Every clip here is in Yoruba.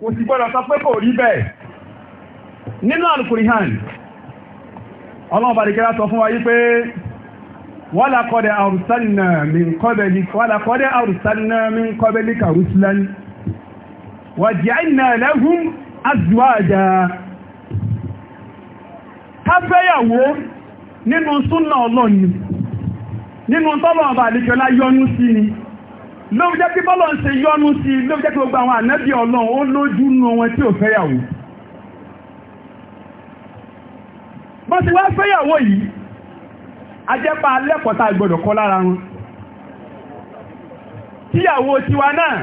kò sì gbọ́dọ̀ sọ pé kò rí bẹ́ẹ̀ nínú Al-Qur'an ọlọ́run bá dìkẹ́lá sọ fún wa yí pé ولقد أرسلنا من قبلك ولقد أرسلنا من قبلك رسلا وجعلنا لهم أزواجا káfẹ́yàwó nínú súnà ọlọ́ni nínú tọ́lọ̀ ọba àdíkẹ́lá yọ́nú sí ni ló jẹ́ kí bọ́lọ̀ ń ṣe yọ́nú sí ló jẹ́ kí gbogbo àwọn ànábì ọlọ́run ó lójú nù wọn tí ò fẹ́yàwó bó ti wá fẹ́yàwó yìí ajẹ́pa alẹ́kọ̀ọ́ta ìgbọ̀dọ̀ kọ́ lára wọn tíyàwó tiwa náà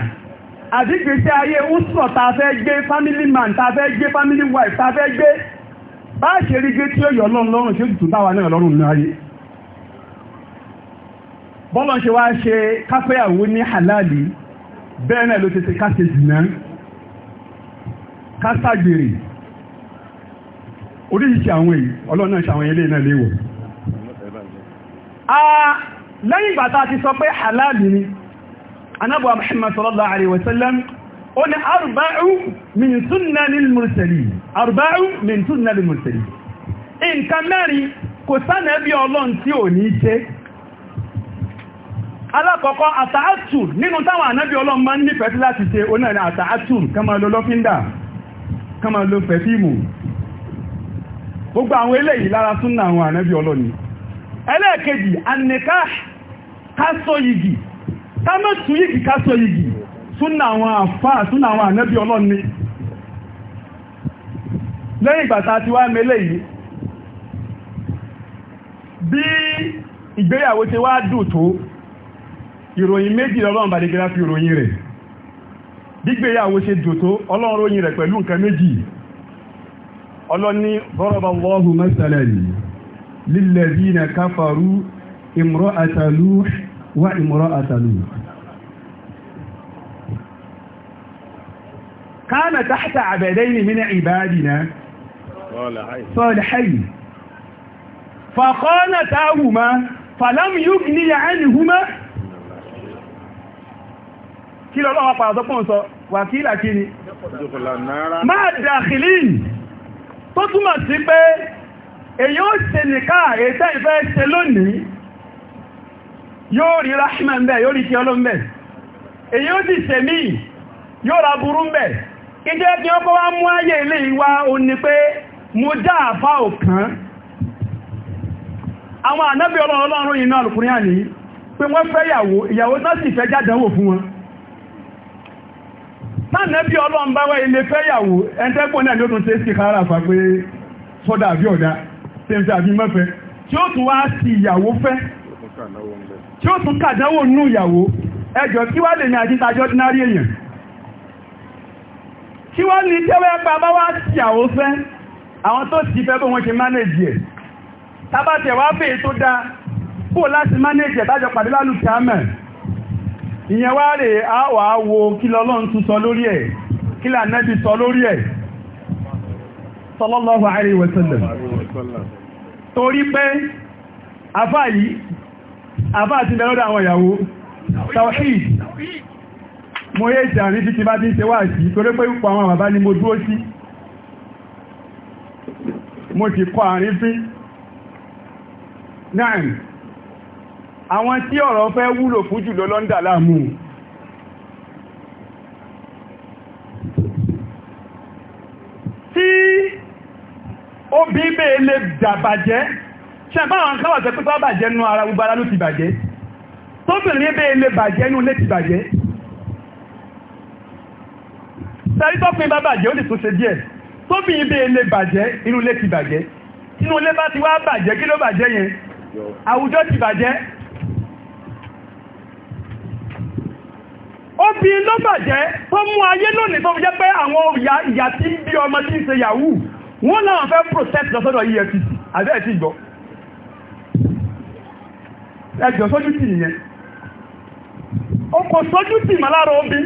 àdígbèsè ayé úsùn ta fẹ́ gbé family man ta fẹ́ gbé family wife ta fẹ́ gbé bá ṣe rí gbé tí ó yọ lọ́run lọ́run tí ó dùn táwa náà lọ́rùn náà yìí bọ́lọ̀ ṣe wá ṣe káfẹ́yàwó ní halali bẹ́ẹ̀ náà ló ti ṣe káṣe zìnà káṣàgbèrè oríṣiríṣi àwọn èyí ọlọ́run náà ṣe àwọn ilé náà léwọ̀ lẹ́yìn ìgbà tá a ti sọ pé halali ni anábọ̀ Muhammad sallallahu alaihi wasallam ó ní arba'u min alákọ̀ọ́kọ́ àtàátù nínú táwọn ànábì ọlọ́run máa ń láti ṣe oná ní àtàátù kama lo lọ́fíndà kama lo pẹ̀fíìmù gbogbo àwọn eléyìí lára súnà àwọn ànábì ọlọ́run ẹlẹ́ẹ̀kejì ìgbéyàwó ìròyìn méjì lọ́lọ́run bá dégẹ́lá fi ìròyìn rẹ̀ gbígbéyàwó ṣe dòtó ọlọ́run ròyìn rẹ̀ pẹ̀lú nǹkan méjì ọlọ́ni daraballahu masalan lilladhina kafaru imra'ata Nuh wa imra'ata Lut kana tahta abdaini min ibadina salihayn فخانتاهما فلم يغني عنهما kí lọ lọ́wọ́ pàdà sọ wà kí ìlà kí ni máa dà kìlì tó sí pé èyí ó ṣe nìká ètẹ́ ìfẹ́ ṣe lónìí yóò rí ráṣímà ń bẹ̀ yóò rí kí èyí pé òkàn àwọn ọlọ́run ìná alùkùnrin àní pé wọ́n fẹ́ ìyàwó ìyàwó náà sì fẹ́ fún tánàbí ọlọ́run bá wá ilé fẹ́yàwó ẹntẹ́gbọ́n náà ló tún ṣe sí kára fà pé sọ́dà àbí ọ̀dá tẹ́mtẹ́ àbí mẹ́fẹ́ tí ó tún wá sí ìyàwó fẹ́ tí ó tún kàdánwò nú ìyàwó ẹjọ́ kí wá lè ní àjítajọ́ dínárì èèyàn kí wá ní tẹ́wẹ́ pa bá wá sí ìyàwó fẹ́ àwọn tó sì fẹ́ bó wọn ṣe mánéjì ẹ̀ tábàtẹ̀ wá fèé tó dáa bó láti mánéjì ẹ̀ tájọ pàdé lálùkẹ́ àmẹ́ ìyẹn wá rè á wà á wo kí lọ́lọ́run tún sọ lórí ẹ̀ kí lànàbí sọ lórí ẹ̀ sallallahu alaihi wa sallam torí pé àfá yìí àfá àti ìdẹ́lọ́dọ̀ àwọn ìyàwó tawhid mo yé ìtẹ̀ àrí títí bá ti ń ṣe wà sí torí pé púpọ̀ àwọn bàbá ni mo dúró sí mo ti kọ àrífín náà àwọn tí ọ̀rọ̀ fẹ́ wúlò fún jùlọ lọ́ndà láàmú tí ó bí bẹ́ lè dàbàjẹ́ ṣẹ̀bá àwọn káwàtẹ̀ pípá bàjẹ́ nú ara gbogbo ara ló ti bàjẹ́ tóbìnrin bẹ́ lè bàjẹ́ nú lé ti bàjẹ́ sẹ́rí tọ́pin bá bàjẹ́ ó lè tún ṣe díẹ̀ tóbìnrin bẹ́ lè bàjẹ́ inú lé ti bàjẹ́ inú lé bá ti wá bàjẹ́ kí ló bàjẹ́ yẹn àwùjọ ti bàjẹ́ bí ló bàjẹ́ tó mú ayé lónìí tó jẹ́ pé àwọn ìyà tí ń bí ọmọ tí ń ṣe yahoo wọ́n náà fẹ́ protest lọ́sọ́dọ̀ EFCC àbẹ́ ẹ̀ tí gbọ́ ẹjọ́ sójú tì nìyẹn o kò lára obi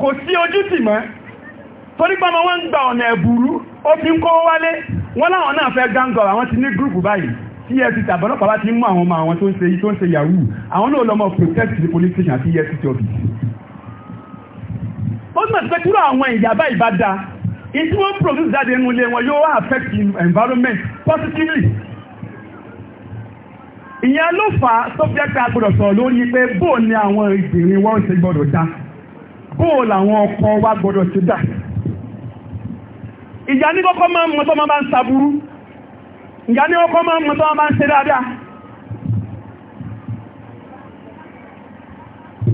kò sí ojú tì mọ́ torí pé wọn ń gba ọ̀nà obi ń wálé wọ́n láwọn náà fẹ́ gángọ̀ àwọn ti ní efcc àbọ̀lọ́pàá bá ti mú àwọn ọmọ àwọn tó ń ṣe tó ń ṣe yahoo àwọn náà lọ́mọ protect the police station àti efcc office. ó sì mọ̀ pé kúrò àwọn ìyàbá ìbá da ìdí produce jáde nínú ilé wọn yóò affect the environment positively. ìyẹn ló fà á subject a gbọ́dọ̀ sọ̀rọ̀ lórí pé bóò ni àwọn ìgbìrin wọn ṣe gbọ́dọ̀ dá bóò làwọn ọkọ wa gbọ́dọ̀ ṣe dá. ìyá ní kọ́kọ́ máa ń mọ tó máa ìgbà ní ọkọ̀ máa ń mú tọ́wọ́ máa ń ṣe dáadáa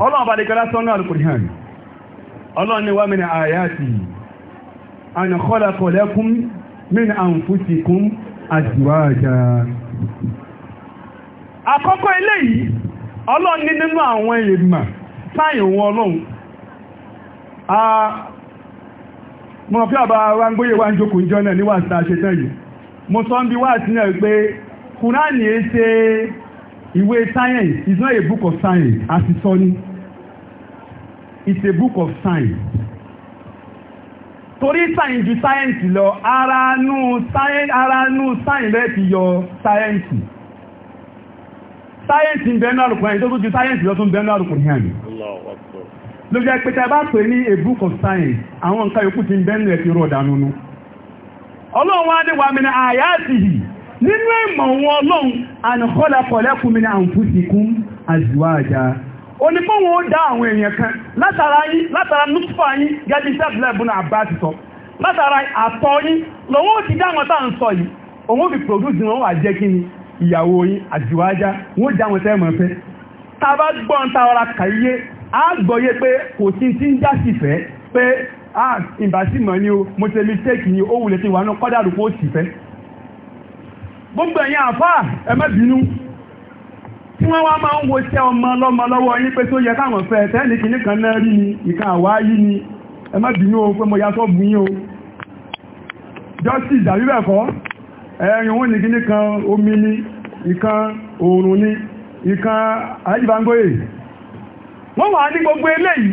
ọlọ́wọ́ bá lè sọ́nà al-Qur'an ni wá min ayatihi an khalaqa lakum min anfusikum azwaja àkọ́kọ́ eléyìí ọlọ́wọ́ ní nínú àwọn èèmà sáyìn wọn ọlọ́wọ́ mọ̀ fí àbá wa ń gbóyè wá ń mo sọ ń bi wá àti náà pé kùránì ẹ ṣe ìwé science is not a book of science àti sọ ni it's a book of science torí science ju science lọ ara nú science ara nú science rẹ ti yọ science science ń bẹnu àrùkùn ẹni tó tún ju science lọ tún bẹnu àrùkùn ní àmì ló jẹ́ pé tẹ́ bá pè ní a book of science àwọn nǹkan yòókù ti ń bẹnu ẹ̀ ti rọ̀ dànù nù ọlọ́run wá ní wà mí ní àyàtìhì nínú ìmọ̀ wọn ọlọ́run ànìkọ́lá pọ̀lẹ́kùn mi ní àǹfùsìkún àjùwájà ó ní fún wọn ó dá àwọn èèyàn kan látara yín látara nùtùfà yín gẹ́gẹ́ sẹ́fìlẹ̀ ìbúnà àbá ti sọ látara àtọ̀ yín lòun ti dá àwọn tá ń sọ yìí òun fi produce wọn wà jẹ́ kí ni ìyàwó yín àjùwájà wọn ó dá àwọn tẹ́ mọ̀ fẹ́ tá a bá gbọ́n ta ọra kàyé á gbọ́yé pé kò sí ti ń já sí fẹ́ pé ah ìbásímọ̀ ni o mo ṣe mistake ni ó wùlẹ̀ tí wà náà kọ́dàrú kó sì fẹ́ gbogbo ẹ̀yin àfáà ẹ má bínú tí wọ́n wá máa ń wo iṣẹ́ ọmọ ọlọ́mọ lọ́wọ́ yín pé tó yẹ káwọn fẹ́ tẹ́lì kìíní kan náà rí ni ìka àwá yí ni ẹ má bínú o pé mo yá sọ́ọ̀bù yín o justice dàbí bẹ́ẹ̀ kọ́ ẹ̀yìn òun ní kìíní kan omi ni ìkan òòrùn ni ìkan alájìbáńgóyè wọ́n wà ní gbogbo eléyìí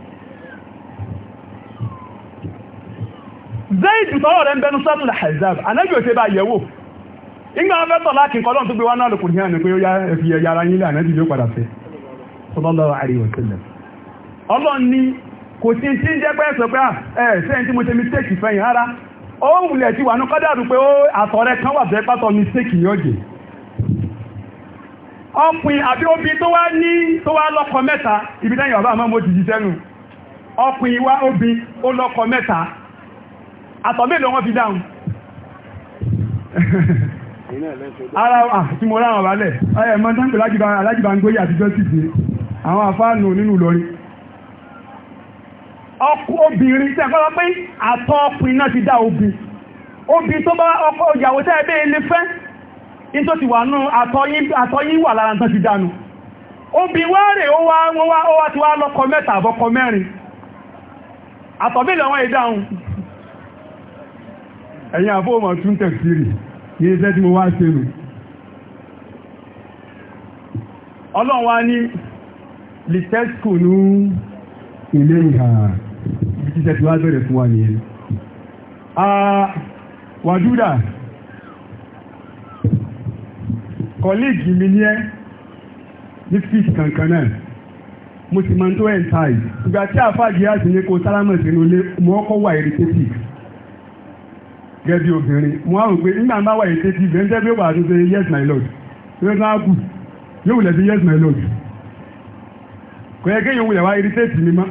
zayid tọ́rọ̀ rẹ̀ ń bẹnu sọ́tún al-Ahzab anájú òṣè bá yẹ̀wò ìgbà wọn fẹ́ tọ̀ láti nǹkan lọ́n tó gbé wá náà lòkùn hàn ní pé ó ara yín lẹ́yìn anájú ló padà fẹ́ sallallahu alaihi wasallam ọlọ́run ní kò sí tí ń jẹ́ pé ẹ̀sọ̀ pé ẹ̀ sẹ́yìn tí mo ṣe mistake fẹ́yìn ara ó wùlẹ̀ wà ní pé ó àtọ̀rẹ́ kan àtọ̀mẹ́lẹ̀ wọ́n fi dáhùn ara tí mo ráhùn wálẹ̀ ẹ̀ mọ́ tánkù alájìbángbóyè àtijọ́ sì dé àwọn àfáànù nínú Ìlọrin ọkọ obìnrin tí a kọ́lá pé àtọ̀ ọkùnrin náà ti dá obì obì tó bá ọkọ ìyàwó tẹ́ ẹgbẹ́ ilé fẹ́ in tó ti wà nú àtọ̀yìn wà lára tán àtọ̀bílẹ̀ wọn ìdáhùn ẹ̀yìn àfóòmọ̀ tún tẹ̀sírì ní iṣẹ́ tí mo wá ṣe nù ọlọ́run wá ní lìtẹ́sìkò ní ilé ìhà ibi títẹ́ tí wá bẹ̀rẹ̀ fún wa nìyẹn wàdúdà kọ̀lẹ́gì mi ní ẹ́ ní fíìs kankan náà mo sì máa tó ẹ̀ ìgbà tí àfáàgì á sì ní kó sálámọ̀ sínú ilé mo wà irritative gẹ́gẹ́ obìnrin mo á rò pé nígbà máa wà ètè tí ibẹ̀ ń tẹ́bí my lord kù yóò wulẹ̀ sí yes my lord kò yẹ kéèyàn wulẹ̀ wá mi mọ́.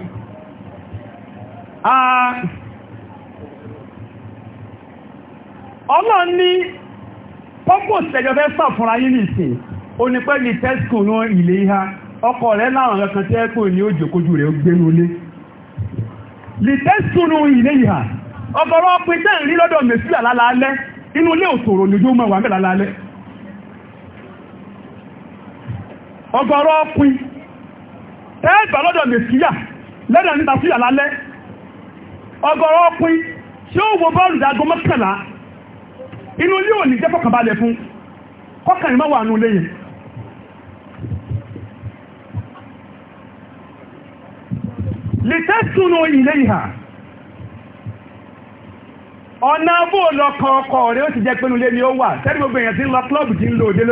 ọlọ́run ní fẹ́ sàn fúnra yín nìsín ní ní ilé ọkọ láwọn ní rẹ̀ ọgọrọ ọpin tẹ́ ń lọ́dọ̀ mẹ́sílà lálálẹ́ inú ilé òṣòro ní ojú mẹ́wàá mẹ́lá lálẹ́ ọ̀gọ̀rọ̀ ọpin tẹ́ẹ̀gbà lọ́dọ̀ mẹ́sílà lẹ́dọ̀ lálẹ́ ọpin tí ó wo bọ́ọ̀lù ọ̀nà bó lọ́kọ̀ ọkọ̀ rẹ̀ ó ti jẹ́ n'ule ni ó wà tẹ́lú gbogbo èèyàn tí ń lọ klọ́ọ̀bù tí ń lò dé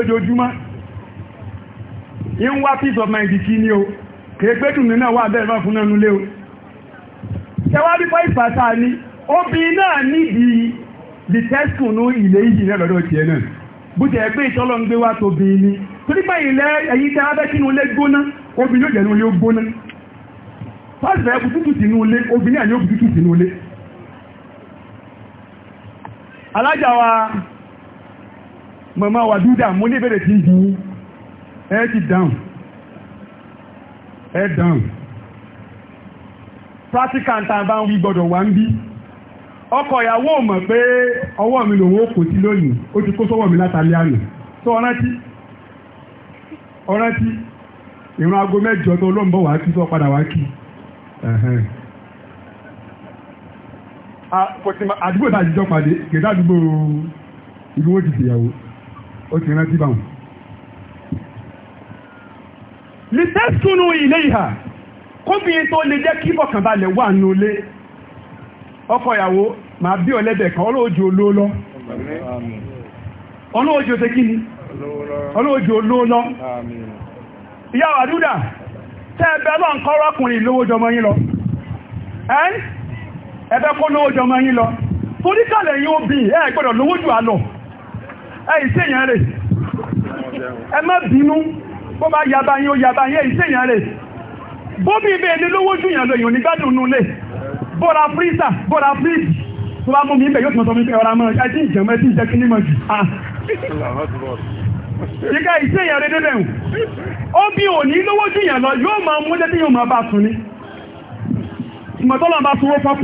of mind kí ní o kèé pé dùn náà wà bẹ́ẹ̀ fún náà o tẹwàá bí fọ́ ìfàṣà ni obi náà níbi the test nù ilé yìí náà lọ́dọ̀ tiẹ̀ náà bó jẹ́ pé ìtọ́lọ́ ń ni torí pé ilẹ̀ ẹ̀yìn tẹ́ abẹ́ gbóná jẹ́ nulé gbóná alájàwà mọ̀mọ́ wà dúdà mú ní ìbẹ̀rẹ̀ tí yìí ẹ ti dáhùn ẹ dáhùn practical tá a bá ń wí gbọ́dọ̀ wá ń bí ọkọ ìyàwó mọ̀ pé ọwọ́ mi lòun ó kò sí lónìí ó ti kó sọ́wọ́ mi látàlẹ́ àná tó ọrántí ọrántí ìran aago mẹ́jọ tó ló wá kí tó padà wá kí. àdúgbò tá a jíjọ pàdé kèdè àdúgbò ibi wọ́n ti fìyàwó ó ti rántí báwọn. lìtẹ́sùnù ilé ìhà kóbìnrin tó lè jẹ́ kí bọ̀kànbalẹ̀ wà nulẹ̀ ọkọ̀ ìyàwó màá bí ọlẹ́bẹ̀ kan ọlọ́ọ̀jọ́ olóòlọ́ ọlọ́ọ̀jọ́ ṣe kí ni ọlọ́ọ̀jọ́ olóòlọ́ ìyá tẹ́ ẹ bẹ́ẹ̀ lówó jọmọ yín lọ ẹ̀fẹ́ kó lówó jọmọ yín lọ torí kàlẹ̀ yín ó bí ẹ̀ gbọ́dọ̀ lówó jù á lọ ẹ̀ ìṣèyàn rẹ̀ ẹ má bínú bó bá yaba yín ó yaba yín ẹ̀ ìṣèyàn rẹ̀ bóbi ibẹ̀ ní lówó jù yàn lọ èèyàn ní gbádùn nù lẹ̀ bọ́ra frísà bọ́ra fríjì tó bá mú mi bẹ̀ yóò tún sọ mi pé ọ̀rá mọ́ ẹ tí ìjẹun ẹ tí ìjẹ kíní mọ́ jù á. Ó bí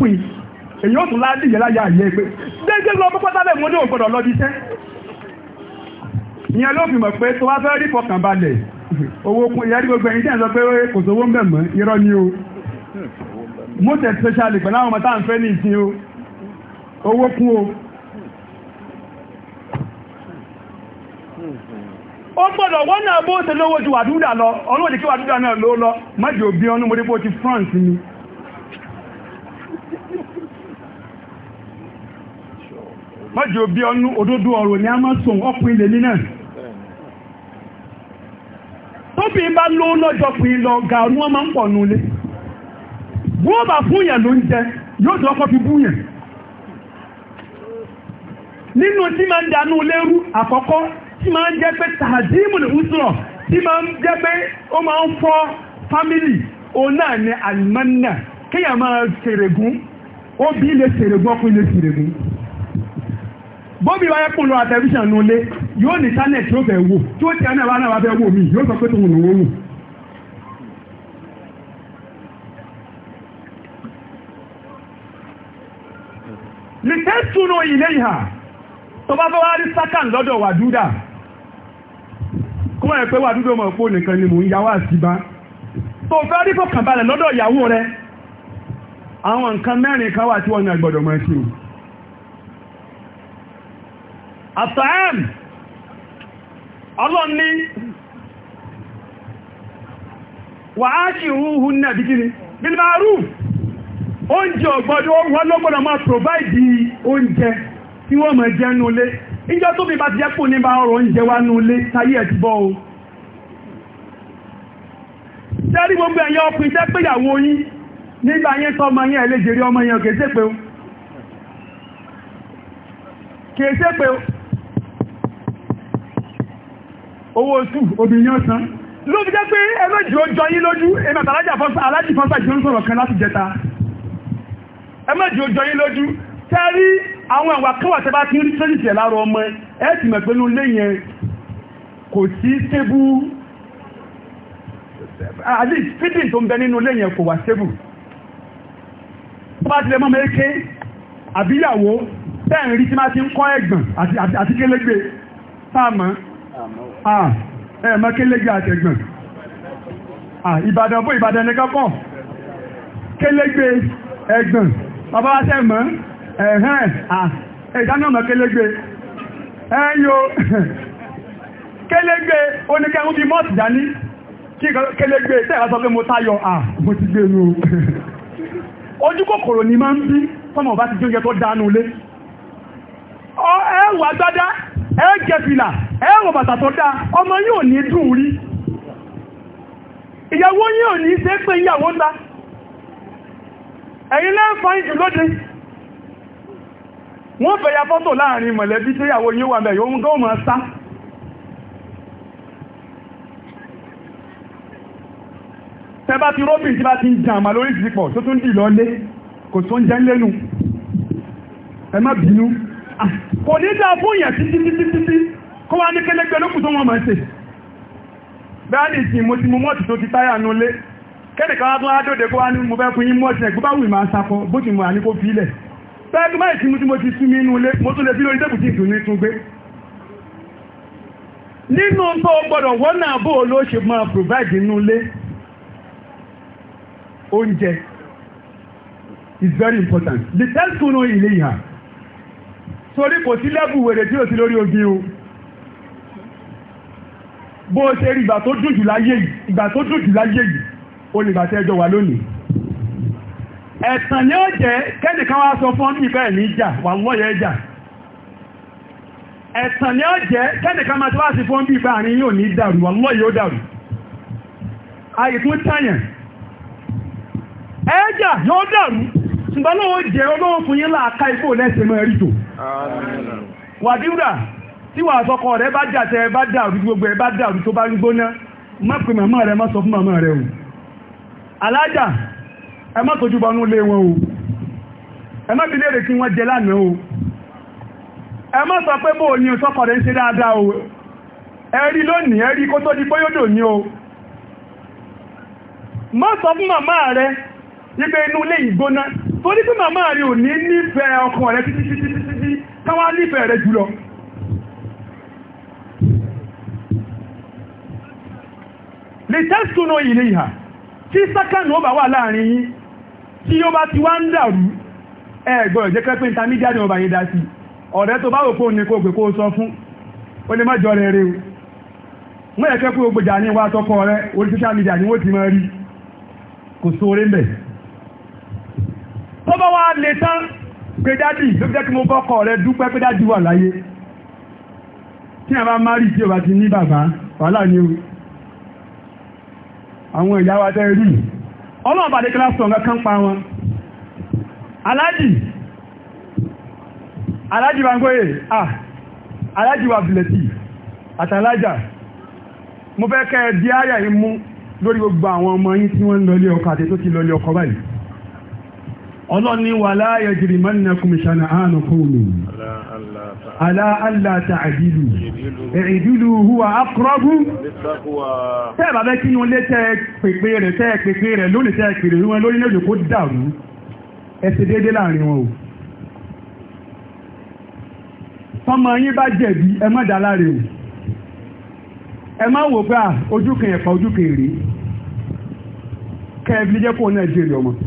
yìí èyí ó tún láti yẹ láyà àyè pé déédé lọ mú pátá lẹ́mú ní òǹgbọ̀dọ̀ lọ bíṣẹ́ ìyẹn ló fi mọ̀ pé tó wá fẹ́ rí fọkàn balẹ̀ owó kún ìyá rí gbogbo ẹ̀yìn tí ẹ̀ sọ pé kò sówó ń bẹ̀ mọ́ irọ́ ni o most especially pẹ̀lú àwọn ọmọ tá à ń fẹ́ ní ìsìn o owó kún o ó gbọ́dọ̀ wọ́n náà bó ṣe lówó ju wàdúdà lọ ọlọ́dì kí wàdúdà náà ló lọ mọ́jì òbí ọnú mo dípò ti France ni májì obi ọnú òdodo ọ̀rọ̀ ni a máa sùn ọkùnrin lèmi náà tóbi bá ló lọ́jọ́pin lọ ga ọ̀nú ọmọ ń pọ̀ nulẹ̀ wọ́n bá fún ló ń jẹ yóò tó ọkọ̀ fi bú nínú tí máa ń danú akọkọ àkọ́kọ́ tí máa ń jẹ́ pé tàdímù ní ìṣúrọ̀ tí máa ń jẹ́ pé ó máa ń fọ́ fámílì òun náà ni bóbi wáyé kún lọ àtẹ̀fíṣàn nù lé yóò ní tánẹ̀tì yóò fẹ́ wò tí ó ti àná wa náà wá fẹ́ wò mí yóò sọ pé tòun lòun wò. lìtẹ́ túnú ilé ìhà tó bá fẹ́ wá rí sákàn lọ́dọ̀ wàdúdà kó wọ́n rẹ̀ pé wàdúdà ọmọ òpó nìkan ni mò ń yáwó àsìbá tó fẹ́ rí fọkànbalẹ̀ lọ́dọ̀ ìyàwó rẹ̀ àwọn nǹkan mẹ́rin kan wà tí wọ́n ní agbọ́dọ̀ máa ṣe o àtàán ọlọ́n ní wà á kí ìhúhun ní dìkiri bil oúnjẹ ọ̀gbọ́dọ̀ wọ́n lọ́gbọ́dọ̀ máa provide oúnjẹ tí wọ́n mọ̀ jẹ́ nulé ìjọ tó bí bá ti jẹ́pù ní bá ọrọ̀ oúnjẹ wá nulé táyé ẹ̀tì o tẹ́rí gbogbo ẹ̀yẹ ọkùn iṣẹ́ péyàwó yín nígbà ọmọ yẹn pé o owó oṣù obìnrin ọ̀sán ló fi jẹ́ pé ẹlọ́jì ó jọ yín lójú èmi àtàlájì fọ́nsà jọ ń sọ̀rọ̀ kan láti jẹta ẹlọ́jì ó jọ yín lójú tẹ́rí àwọn àwà kọwà tẹ́bá tí ń rí tẹ́lìtì ẹ̀ láàrọ ọmọ ẹ̀ ti mẹ̀ pẹ̀lú léyìn kò sí stable at least feeding tó ń bẹ nínú léyìn kò wà stable tó bá tilẹ̀ mọ́mọ́ eke àbíyàwó tẹ́ẹ̀rí tí má ti ń kọ́ ẹ̀gbọ̀n àti kélégbé sáàmọ́ Ah, ẹ̀ẹ̀mọ́ kéléjì àtẹ̀gbọ̀n ah, ìbàdàn bó ìbàdàn nìkan pọ̀ kélégbé ẹ̀gbọ̀n bàbá wáṣẹ́ mọ́ ẹ̀hẹ́n ìdáná ah, ọmọ kélégbé ẹ̀yọ kélégbé oníkẹ́hún bí mọ́ọ̀tì dání kí kélégbé tẹ́ẹ̀rẹ́ sọ pé mo táyọ̀ à mo ti gbé nu ojú kòkòrò ni máa ń bí ti jóúnjẹ tó dánú lé ẹ gbádá ẹ jẹ fìlà bàtà tó dáa ọmọ yóò ní dùn rí ìyàwó yíò ní ṣe pé ìyàwó ńlá ẹ̀yin lẹ́fàá ìjù lóde wọ́n fẹ́ ya fọ́tò láàrin mọ̀lẹ́bí tí ìyàwó yíò wà mẹ́rin ohun tó mọ̀ sá tẹba ti robin tí bá ti ń lórí kò ní dá fún ìyà títí títí títí kó wá ní kẹ́lẹ́gbẹ́ lókù tó wọ́n máa ṣe bẹ́ẹ̀ni ìsìn mo ti mú mọ́tì tó ti táyà nú lé kẹ́nìkan wá tún á dóde kó wá ní mo fún yín máa sapọ̀ bó ti kó fi ilẹ̀ is very important the tell to know torí kò sí lẹ́bù wèrè tí ó sí lórí ogi o bó o ṣe rí ìgbà tó dùn jù láyé yìí ìgbà tó dùn jù láyé yìí o lè bàtẹ́ ẹjọ́ wà lónìí ẹ̀tàn ni ó jẹ́ kẹ́nìkan wá sọ fún ọ́nìyàn bẹ́ẹ̀ ní ìjà wà ń wọ́yẹ ìjà ẹ̀tàn ni ó jẹ́ kẹ́nìkan máa ti wá sí fún ọ́nìyàn bẹ́ẹ̀ àárín yóò ní dàrú wà ń wọ́yẹ ó dàrú àìkún tàyàn ẹ̀jà yóò dàrú ṣùgbọ́n lọ́wọ́ jẹ́ ọlọ́wọ́ fún yín láàká ikú lẹ́sẹ̀ mọ́ ẹ̀rí tí wà sọkọ rẹ bá jà bá gbogbo ẹ bá dà tó bá ń gbóná má pè rẹ má sọ fún màmá o alájà ẹ má wọn o ẹ má léèrè kí wọ́n jẹ o inú ilé ìgbóná torí pé màmá rí ò ní nífẹ̀ẹ́ ọkàn rẹ̀ títí títí títí káwá nífẹ̀ẹ́ rẹ̀ jùlọ lè tẹ́sùnà ilé ìhà tí sákànù ó bá wà láàrin yín tí ó bá ti wá ń dàrú ẹgbọ́n ìjẹ́kẹ́ pé intermediate ọba yìí dá sí ọ̀rẹ́ tó bá wò fóònù kó gbé kó sọ fún ó lè má jọ rẹ̀ rẹ̀ o wọ́n yẹ kẹ́ pé ó gbèjà ní wá rí bá wá lè tán pé dádì ló fi jẹ́ kí mo bọ́kọ̀ rẹ dúpẹ́ pé dádì wà láyé tí a bá márì tí o bá ti ní bàbá wàhálà ni o àwọn ìyá wa tẹ́ rí ọlọ́run bàdé kí lásán ọ̀gá kan pa wọn aláàjì aláàjì Bángóyè à aláàjì wa bìlẹ̀tì àtàlájà mo fẹ́ kẹ́ ẹ di àyà yìí mú lórí gbogbo àwọn ọmọ yín tí wọ́n lọlé ọkọ àti tó ti lọlé ọkọ báyìí ọlọ́ni wà láàyè jìrì máa nà kùmí ṣànà àánú fóònù aláàlá tààdìlú ẹ̀ìdìlú huwa akọ́rọ́bù tẹ́ẹ̀bà bẹ́ kí ní olé tẹ́ẹ̀ pèpè rẹ̀ tẹ́ẹ̀ pèpè rẹ̀ lónìí tẹ́ẹ̀ pèrè wọn lórí lójò kó dàrú ẹsẹ̀ déédé láàrin wọn o tọmọ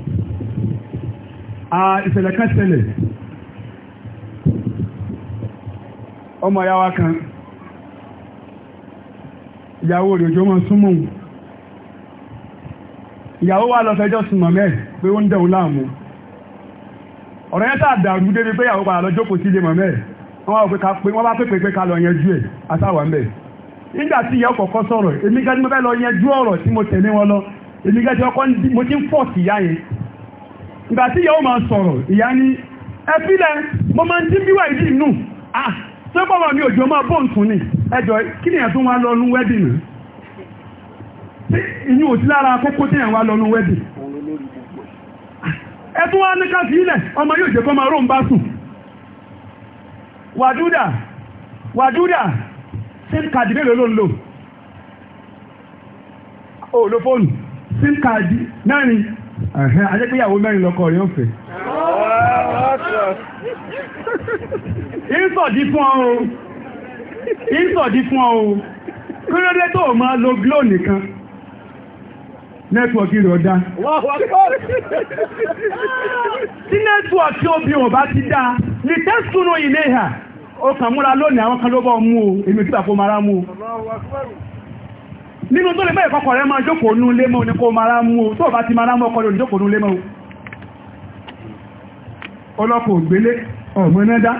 ìṣẹ̀lẹ̀ kan ṣẹlẹ̀ ọmọ ìyá wa kan ìyàwó rẹ̀ òjò máa súnmọ́ òun ìyàwó wa lọ fẹjọ́ súnmọ́ mẹ́ pé ó ń dẹ̀hùn láàmú ọ̀rọ̀ yẹn tà dàrú débi pé ìyàwó padà lọ jókòó sí ilé mọ̀mẹ́ wọ́n bá pèpè pé ká lọ yanjú ẹ̀ àtàwà ń bẹ̀ nígbà tí ìyá kọ̀ọ̀kan sọ̀rọ̀ èmi gẹ́gẹ́ mo fẹ́ lọ yanjú ọ̀rọ̀ tí mo tẹ̀lé wọn lọ èmi gẹ́gẹ́ ọkọ̀ mo ti ń fọ̀ sí ìyá yẹn ìgbà tí ìyàwó máa sọ̀rọ̀ ìyá ní ẹ̀fílẹ̀ mo máa ń dín bíwà ìdí inú ah tó bọ́wọ́ mi òjò máa bọ́ nǹkan ni ẹjọ́ kí ni ẹ̀tún wá lọ́nu wẹ́dìn nù inú òtí lára kókó tí ẹ̀wà lọ́nu wẹ́dìn ẹ̀tún wá ní káfí ilẹ̀ ọmọ yóò jẹ́ kọ́ máa ń bá sùn wàdúdà wàdúdà sim card mélòó ló ń lò ó fóònù sim card mẹ́rin ajẹ́gbéyàwó mẹ́rin lọ́kọ rẹ̀ ó fẹ́ ìsọ̀dí fún ọ o ìsọ̀dí fún ọ o kí ló dé tó o máa lo glo nìkan nẹ́tíwọ̀kì rẹ̀ ọ̀dá tí nẹ́tíwọ̀kì obi ò bá ti dáa ní tẹ́sùnú ilé ìhà ó kàn múra lónìí àwọn kan ló bọ́ mú o èmi tí bàbá mara mú o nínú tó lè mẹ́ ìkọkọ̀ rẹ máa jókòó nú lé mọ́ ní kó mara mú o tó bá ti mara mú ọkọ̀ lórí jókòó nú lé mọ́ ọlọ́pọ̀ ògbélé ọ̀mọ́nẹ́dá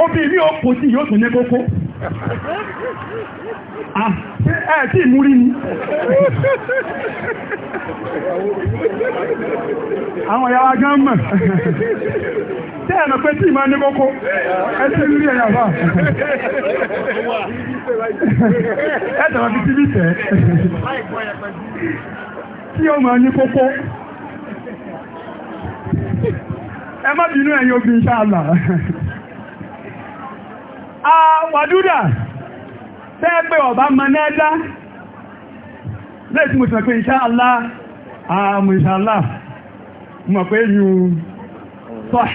ó bí ilé ọkọ̀ tí yóò tún ní kókó Ah, tí ìmúrí ni àwọn ìyàwó agán mọ̀ tẹ́ ẹ̀nà pé tí ìmá ní kókó ẹ tí ìrírí ẹ̀yà bá ẹ tẹ̀wọ́ fi tíbí tẹ̀ tí ó mọ̀ ní kókó ẹ má bínú ẹ̀yìn obìnrin sáà àwàdúdà tẹ́ẹ̀pẹ́ ọ̀bá manẹ́dá lẹ́ẹ̀tí mo sọ pé insha Allah àmù insha Allah mọ̀ pé yíò tọ́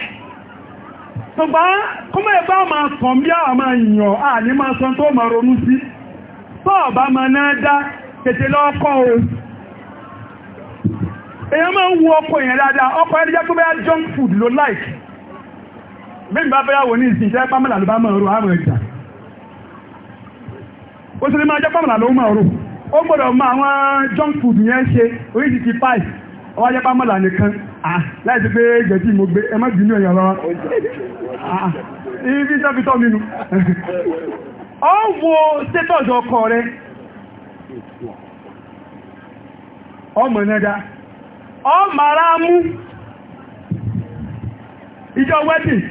ṣùgbọ́n kúmọ̀ ẹ̀bá ma kàn bí àwọn ma yàn à ní ma ma ronú sí tọ́ọ̀bá manẹ́dá tètè lọ́kọ́ o èyàn máa ń wo ọkọ̀ èyàn dáadáa ọkọ̀ ẹni jẹ́ tó bẹ́ẹ̀ junk food ló like e bá bẹ́yà wò ní ìsìn jẹ́ pámẹ́lá ló bá mọ̀ ọ̀rọ̀ àmọ̀ ìjà ó sì lè máa jẹ́ pámẹ́lá ló mọ̀ ọ̀rọ̀ ó gbọ́dọ̀ mọ àwọn junk food yẹn ṣe ọwọ́ jẹ́ nìkan láìsí pé jẹ̀tí mo gbé ẹ má lọ́wọ́ ibi nínú ọ wo status ọkọ rẹ ọmọ ọ mú ìjọ wedding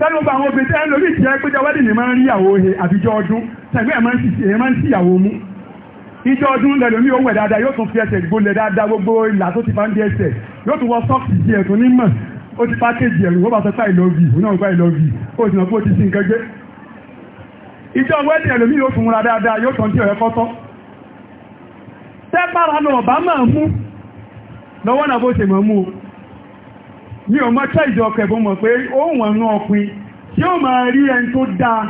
tẹ́lú bá àwọn obìnrin tẹ́lú orí ìṣẹ́ péjọ wẹ́dì ní máa ń rí ìyàwó he àbíjọ ọdún tẹ̀gbẹ́ ẹ̀ máa ń sí ìyàwó mú ìjọ ọdún lẹ́nu ní òwẹ̀ dáadáa yóò tún fi ẹsẹ̀ gbolẹ̀ dáadáa gbogbo ìlà tó ti fa ń di ẹsẹ̀ yóò tún wọ sọ́ọ̀kì sí ẹ̀tún ní mọ̀ ó ti pákéjì ẹ̀rù wọ́n bá sọ páì lọ́ọ̀vì òun náà páì lọ́ọ̀vì ó sì mọ̀ pé ó ti sí nǹkan gbé ìjọ wẹ́dì ẹ̀lòmí yóò tún ra dáadáa yóò tún tí ọ̀rẹ́ kọ́tọ́ tẹ́ bára mi ò mọ́ tẹ́jọ ọkẹ̀bọ́ mọ̀ pé ó wọ̀n nú ọkùnrin tí ó máa rí ẹni tó dáa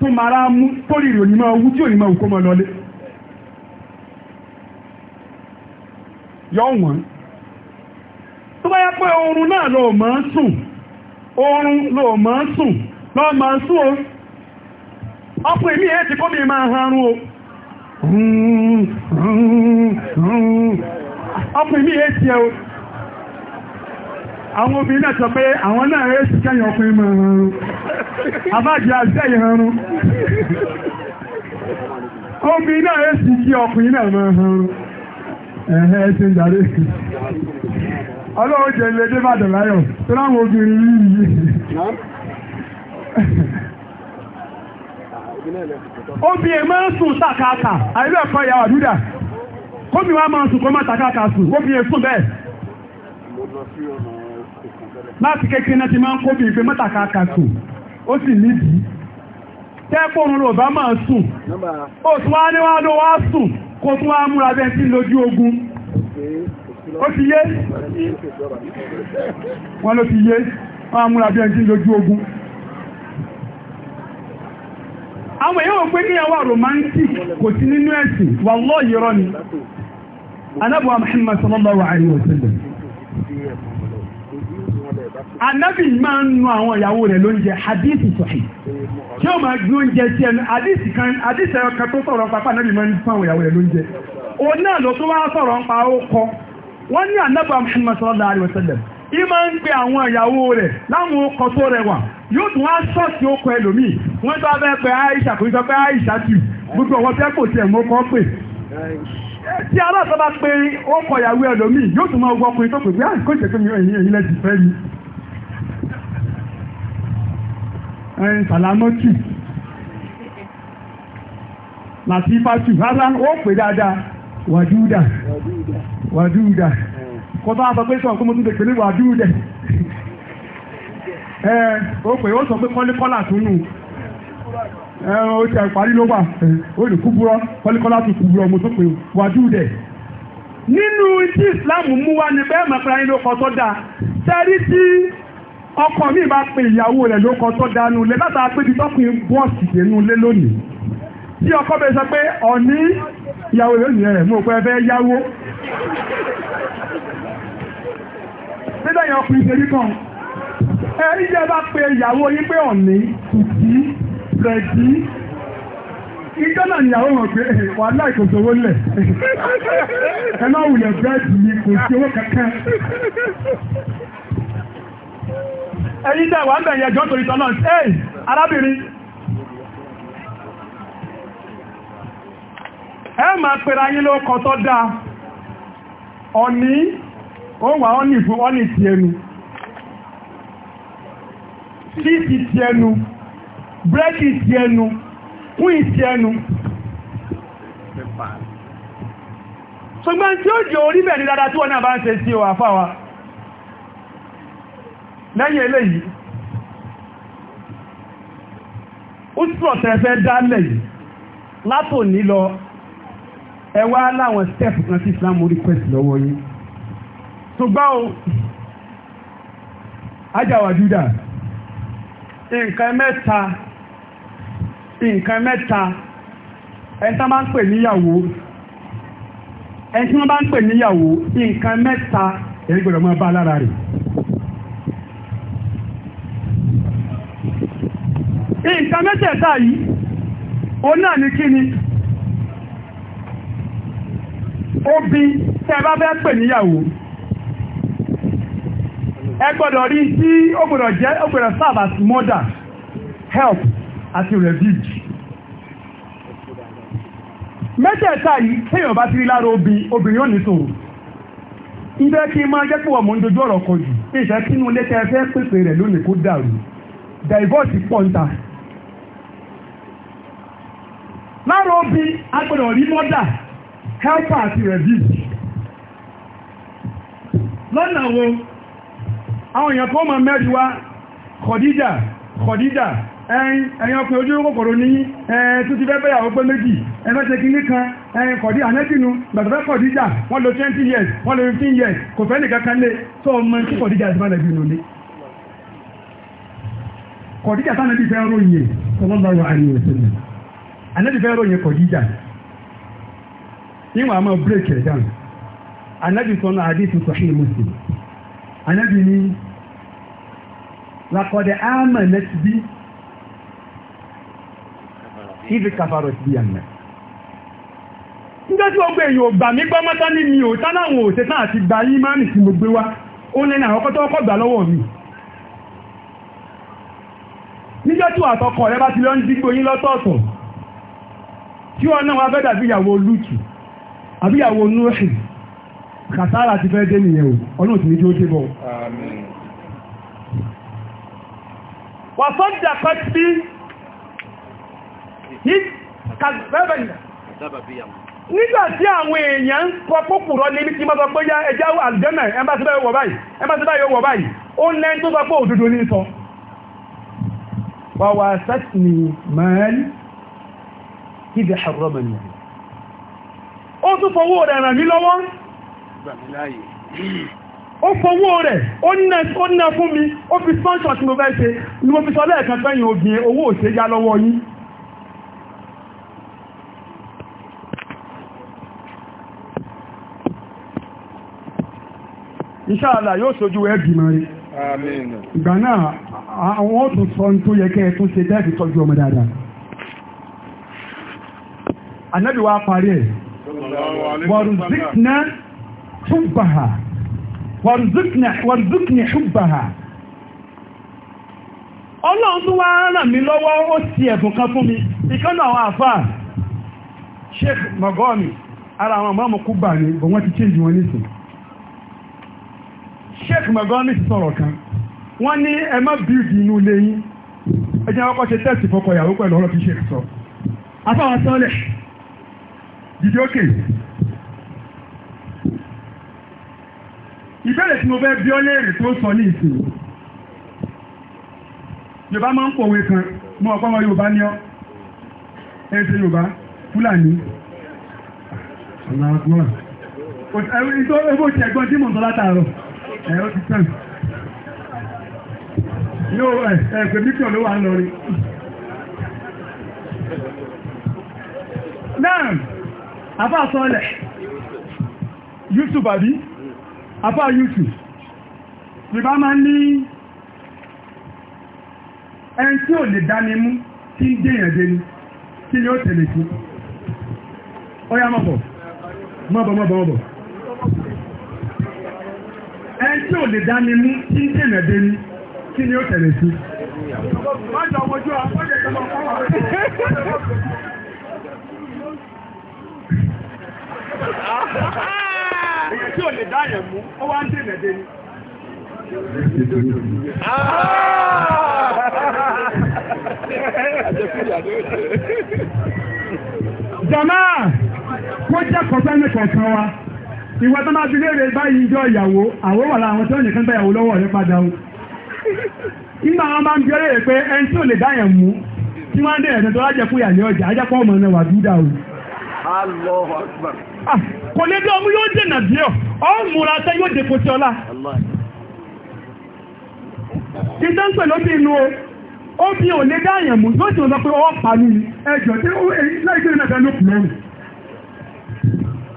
tó mara mú tó rí ìròyìn máa wú tí ò ní máa mọ́ lọlé yọ wọ̀n tó bá yẹ pé oorun náà ló mọ́ sùn oorun sùn sùn o èmi ti kó mi máa harun o èmi o àwọn obìnrin náà sọ pé àwọn náà rẹ̀ sí kẹ́yìn ọkùnrin mọ̀ ọ̀run àbájá àṣẹ́yìn ọ̀run obìnrin náà rẹ̀ sí kí ọkùnrin náà mọ̀ ọ̀run ẹ̀hẹ́ ẹ̀ṣẹ́ ìdàrí ọlọ́run jẹ́ ilé débàdàn láyọ̀ tó láwọn obìnrin rí yìí obi ẹ̀ máa ń sùn sàkàkà àìlú ẹ̀kọ́ ìyàwó àdúdà kómi wa máa ń sùn kó má sàkàkà sùn obi ẹ̀ sùn bẹ́ẹ̀ láti kékeré náà ti máa ń kóbi ìgbé mọ́tàkà kàtó ó sì nídìí tẹ́kùnrin ló bá máa sùn ó tún wá ní wá ló wá sùn kó tún wá múra bẹ́ẹ̀ tí lójú ogun ó ti yé wọ́n ló ti yé wọ́n á múra bẹ́ẹ̀ tí lójú ogun àwọn èèyàn pé kí ẹwà romantic kò sí nínú ẹ̀sìn wà ni anábọ̀ Muhammad sallallahu anábì ma ń nu àwọn ìyàwó rẹ̀ lóúnjẹ hadithi sọ̀hìn tí ó máa gbé oúnjẹ sí ẹnu hadithi kan hadithi ẹ̀ka tó sọ̀rọ̀ pápá anábì máa ń fún àwọn ìyàwó rẹ̀ lóúnjẹ ọkọ náà ló tó wá sọ̀rọ̀ ń pa ó kọ wọ́n ní anábì ì máa ń àwọn ìyàwó rẹ̀ láwọn tó Aisha kò tí aláàtọ́ bá pé ó kọ ìyàwó ẹlòmíì yóò tún máa gbọ́ ọkùnrin tó pè pé ah, ẹ̀yìn sàlámọ́tì láti ifátù rárá ó pè dáadáa wàdúùdà wàdúùdà kó bá sọ pé sọ̀rọ̀ kó mo tún lè pè ní wàdúùdà ẹ̀ ó pè ó sọ pé kọ́lékọ́là tó nù ẹran ó ti àparí ló wà ó lè kúburọ kọlíkọlá ti kúburọ mo tó pé wájú nínú tí Islam mú wá ni bẹ́ẹ̀ máa pẹ́ra yín kọ́ tó dáa sẹ́rí tí ọkọ mi bá pe ìyàwó rẹ̀ ló kọ tó dánú lé látara pé títọ́kùn bọ́ọ̀sì dénú lé lónìí tí ọkọ bẹ sọ pé ọ̀ní ìyàwó rẹ̀ lónìí rẹ̀ mú pẹ́ fẹ́ yáwó nígbà yẹn ọkùnrin ṣe rí kan ẹ ìjẹ́ bá pe ìyàwó yín pé ọ̀ní kùtì rẹ̀dí ìjọ náà ìyàwó wọn pé wà láì kò sówó lẹ̀ ẹ máa wùlẹ̀ bẹ́ẹ̀dì ni kò sí owó kankan ẹ̀yí tẹ́ wà ń bẹ̀ yẹ jọ́ torí tọ́nà ẹ̀yí arábìnrin ẹ ma pèrè ayé ló kọ tọ́ dáa ọ̀ní ó wà ọ́nì fún ọ́nì ti ẹnu síìtì ti ẹnu bírẹ́kì ti ẹnu kúì ti ẹnu ṣùgbọ́n tí ó jẹ́ orí bẹ̀rẹ̀ dáadáa tí wọ́n náà bá ń ṣe sí ọ àfáwà lẹ́yìn eléyìí usman tẹ́fẹ́ dálẹ̀ yìí látòní lọ ẹwà láwọn step kan sí Islam request lọ́wọ́ yín ṣùgbọ́n o ajáwà júdà nǹkan mẹ́ta nǹkan mẹ́ta ẹni máa ń pè níyàwó ẹni máa ń pè níyàwó nǹkan mẹ́ta ẹni máa bá lára rẹ̀ nǹkan mẹ́tẹ̀ẹ̀ta yìí o náà ní kí ni obi tẹ́bá fẹ́ pè níyàwó ẹ gbọ́dọ̀ rí sí ó jẹ́ serve as mother help àti refuge mẹ́tẹ̀ẹ̀ta yìí kéèyàn bá ti rí lára obi obìnrin ò kí máa jẹ́ ọ̀rọ̀ pèsè lára obi agbọ́dọ̀ rí mọ́dà helper àti review lọ́nà wo àwọn èèyàn kan máa mẹ́rin wá kọ̀díjà kọ̀díjà ẹ̀yìn ọkùnrin ojú kòkòrò ní tó ti fẹ́ bẹ́yàwó pé méjì ẹgbẹ́sẹ̀ kí ní kan ẹ̀yìn kọ̀dí ànẹ́sìnú gbàtọ̀fẹ́ kọ̀díjà wọ́n lo 20 years wọ́n lo 15 years kò fẹ́ nìkan kan lé tó ọmọ tí kọ̀díjà ti bá lẹ́bí inú lé kọ̀díjà tánàbí fẹ́ ròyìn ọlọ́lọ́rọ̀ àríwẹ̀sẹ̀lẹ̀ anabi fẹ́ ròyìn kọ̀ jíjà níwọ̀n a máa bírèkì ẹ̀ dáhùn anabi sọnù àdìsí sọ̀hìn mùsùlùmí anabi ní lakọ̀dẹ̀ àmà nẹ́tì bí ibi kàfàrọ̀ sí àmà nígbà tí wọ́n gbé èyàn ògbà mi gbọ́ mọ́tá ní mi ò tánáwọn òṣèṣán àti gba yí máa nìsí mo gbé wá ó lẹ́nu àwọn kọ́tọ́ ọkọ̀ gbà lọ́wọ́ mi nígbà tí wàtọkọ̀ rẹ bá ti lọ ń dígbò yín lọ́tọ̀ọ̀tọ̀ kí ọ náà wá fẹ́ dàbí ìyàwó lútù àbí ìyàwó nóòṣì kàtàrà ti fẹ́ dé nìyẹn o ọlọ́run ti ní kí ó dé bọ̀. wà sọ́jà pẹ́tí nígbà tí àwọn èèyàn ń kọ pópùrọ ní kí mọ́sọ pé yá ẹjá àlùjànnà ẹmbásíbá yóò wọ̀ báyìí ó lẹ́yìn tó sọ pé òdodo ní sọ wà wà sẹ́tì mẹ́rin ibi àrọ́mọ̀ ni ó tún fọwọ́ rẹ̀ ràn mí lọ́wọ́ ó fọwọ́ rẹ̀ ó ná fún mi ó fi sponsor tí mo fẹ́ ṣe ni mo fi sọ lẹ́ẹ̀kan fẹ́yìn obìnrin owó òṣè yá lọ́wọ́ yín ìṣàlá yóò ṣojú ẹbí mọ́ rí ìgbà náà àwọn ó tún sọ tó yẹ kẹ́ ẹ tún ṣe dẹ́ẹ̀kì tọ́jú ọmọ dáadáa anábì wa parí ẹ̀ wàrùzíknà hubbaha wàrùzíknà hubbaha ọlọ́run tó wá ràn mí lọ́wọ́ ó ti ẹ̀bùn kan fún mi ìkánà àwọn àfáà sheikh magomi ara àwọn ọmọ kúbà ní bọ̀ wọ́n ti change wọn nísìn sheikh magomi ti sọ̀rọ̀ kan wọ́n ní ẹ má build inú ilé yín ẹ kọ́ ṣe test fọkọ pẹ̀lú ọ̀rọ̀ tí sheikh sọ dìde òkè ìbéèrè tí mo fẹ́ bí ọ léèrè tó sọ ní ìsìn Yorùbá máa ń pòwe kan mú ọ̀pọ̀ ọmọ Yorùbá ní ọ ẹsẹ Yorùbá Fúlàní ọ̀làgbọ́n ẹgbẹ́ òtí ẹ̀gbọ́n tí mò ń sọ látàárọ̀ ẹ̀ ó ti tàn yóò ẹ̀ ẹ̀gbẹ́ mítọ̀ ló wà ń afá sọ́ọ̀lẹ̀ YouTube àbí afá YouTube ìbá máa ní ẹni tí ò lè dání mú tí ń dèèyàn dé ní kí ni ó tẹ̀lé sí ó yá mọ́bọ̀ mọ́bọ̀ mọ́bọ̀ mọ́bọ̀ ẹni tí ò lè dání mú tí ń dèèyàn dé ní ni ó tẹ̀lé sí Májọ̀ ọmọ ojú àwọn ọjọ́ ìjọba èyàn tí ò lè dáyẹ̀ mú ó ní kọ̀ọ̀kan wa ìwọ tó máa fi léèrè báyìí jọ ìyàwó àwọ́ wà láwọn tí ó nìkan bá lọ́wọ́ rẹ̀ padà o nígbà wọn bá ń bí ọlẹ́rẹ̀ pé tí lè dáyẹ̀ o. Ah, kò lè bí ọmú yóò dènà bí ọ ọ múra tẹ yóò dèkò tí ọlá ìtẹ́ ń pè lóbi inú o bí ò lè dáyàn mú yóò dìrò pé ọwọ́ pa ní ẹjọ́ tí ó láìpẹ́ ìrìnàjò ló kùn lẹ́yìn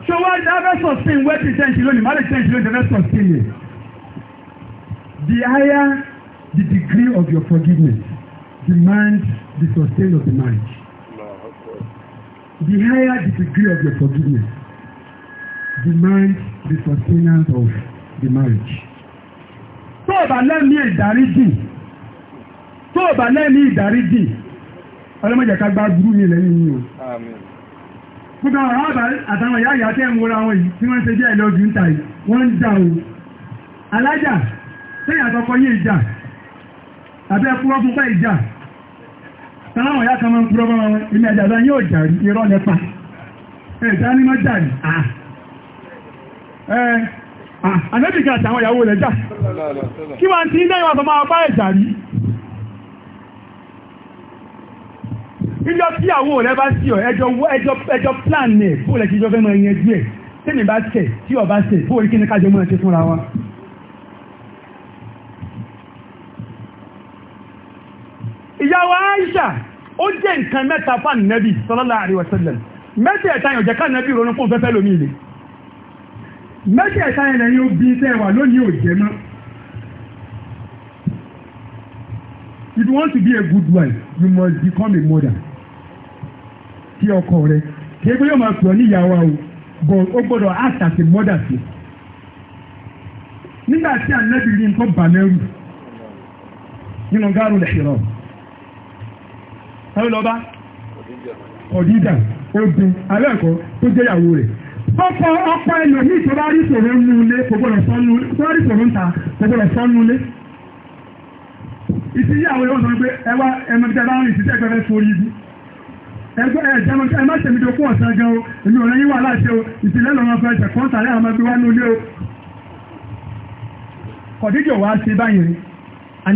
ṣe wá sí ìwé tẹ́ǹtì lónìí má lè tẹ́ǹtì lónìí the higher the degree of your forgiveness demands the sustain of the marriage the higher the degree of your forgiveness demand the sustenance of the marriage. tó o bá lẹ́mí ìdáríjì tó o bá lẹ́mí ìdáríjì ọlọ́mọdé ká gba burú mi lẹ́yìn yìí o. gbogbo àwọn àbá àtàwọn ìyá ìyá tẹ́ ń wọra wọn yìí tí wọ́n ń ṣe díẹ̀ lọ́dún ń ta yìí wọ́n ń jà o. alájà sẹ́yìn àtọkọ yìí ìjà àbí ẹ kúrọ́ fún pé ìjà táwọn ìyá kan máa ń kúrọ́ bá wọn ilé ẹ̀dá yóò jà irọ́ nípa ẹ̀dá ni wọ́n Eh, ah, ànẹ́bìkà àti àwọn ìyàwó rẹ̀ jà kí wà tí ilé ìwà tó máa bá ẹ̀jà rí ilé tí àwọ rẹ̀ bá sí ọ ẹjọ́ plan ní bó lẹ́kí ìjọ fẹ́ mọ ẹyẹ díẹ̀ tẹ́mi bá tẹ̀ tí ọ bá tẹ̀ bó orí kí ní kájọ mọ́ ẹ̀ fúnra wa ìyàwó fún ànẹ́bì sallallahu mẹ́tẹ̀ẹ̀ta ẹ̀rẹ̀ yóò bí tẹ́ wà lónìí ò mọ́ if you want to be a good wife you must become a mother tí ọkọ rẹ kí ebi yóò máa pọ̀ níyàwó o but ó gbọ́dọ̀ act as a mother sí nígbà tí ànábì rí nǹkan bà mẹ́rù nínú gáàrú lè ṣe lọ. ẹ lọ bá ọ̀dídà obìn alẹ́ ẹ̀kọ́ tó jẹ́yàwó rẹ̀ ọkọ̀ ọkọ̀ ẹlò ní ìtọ́bá rí ṣòro ń lúlé kògbọ́rọ̀ ìsìyàwó yóò sọ pé ẹwà ẹmọ̀dé bá ń rìn títẹ́ pẹ́fẹ́ sórí ibi ẹmọ́sẹ̀mídó fún ọ̀sán gan o èmi ò rẹ̀ yíwà láṣẹ o ìsìlẹ̀ lọ́wọ́ fẹ́ ẹ̀sẹ̀ kan tààrẹ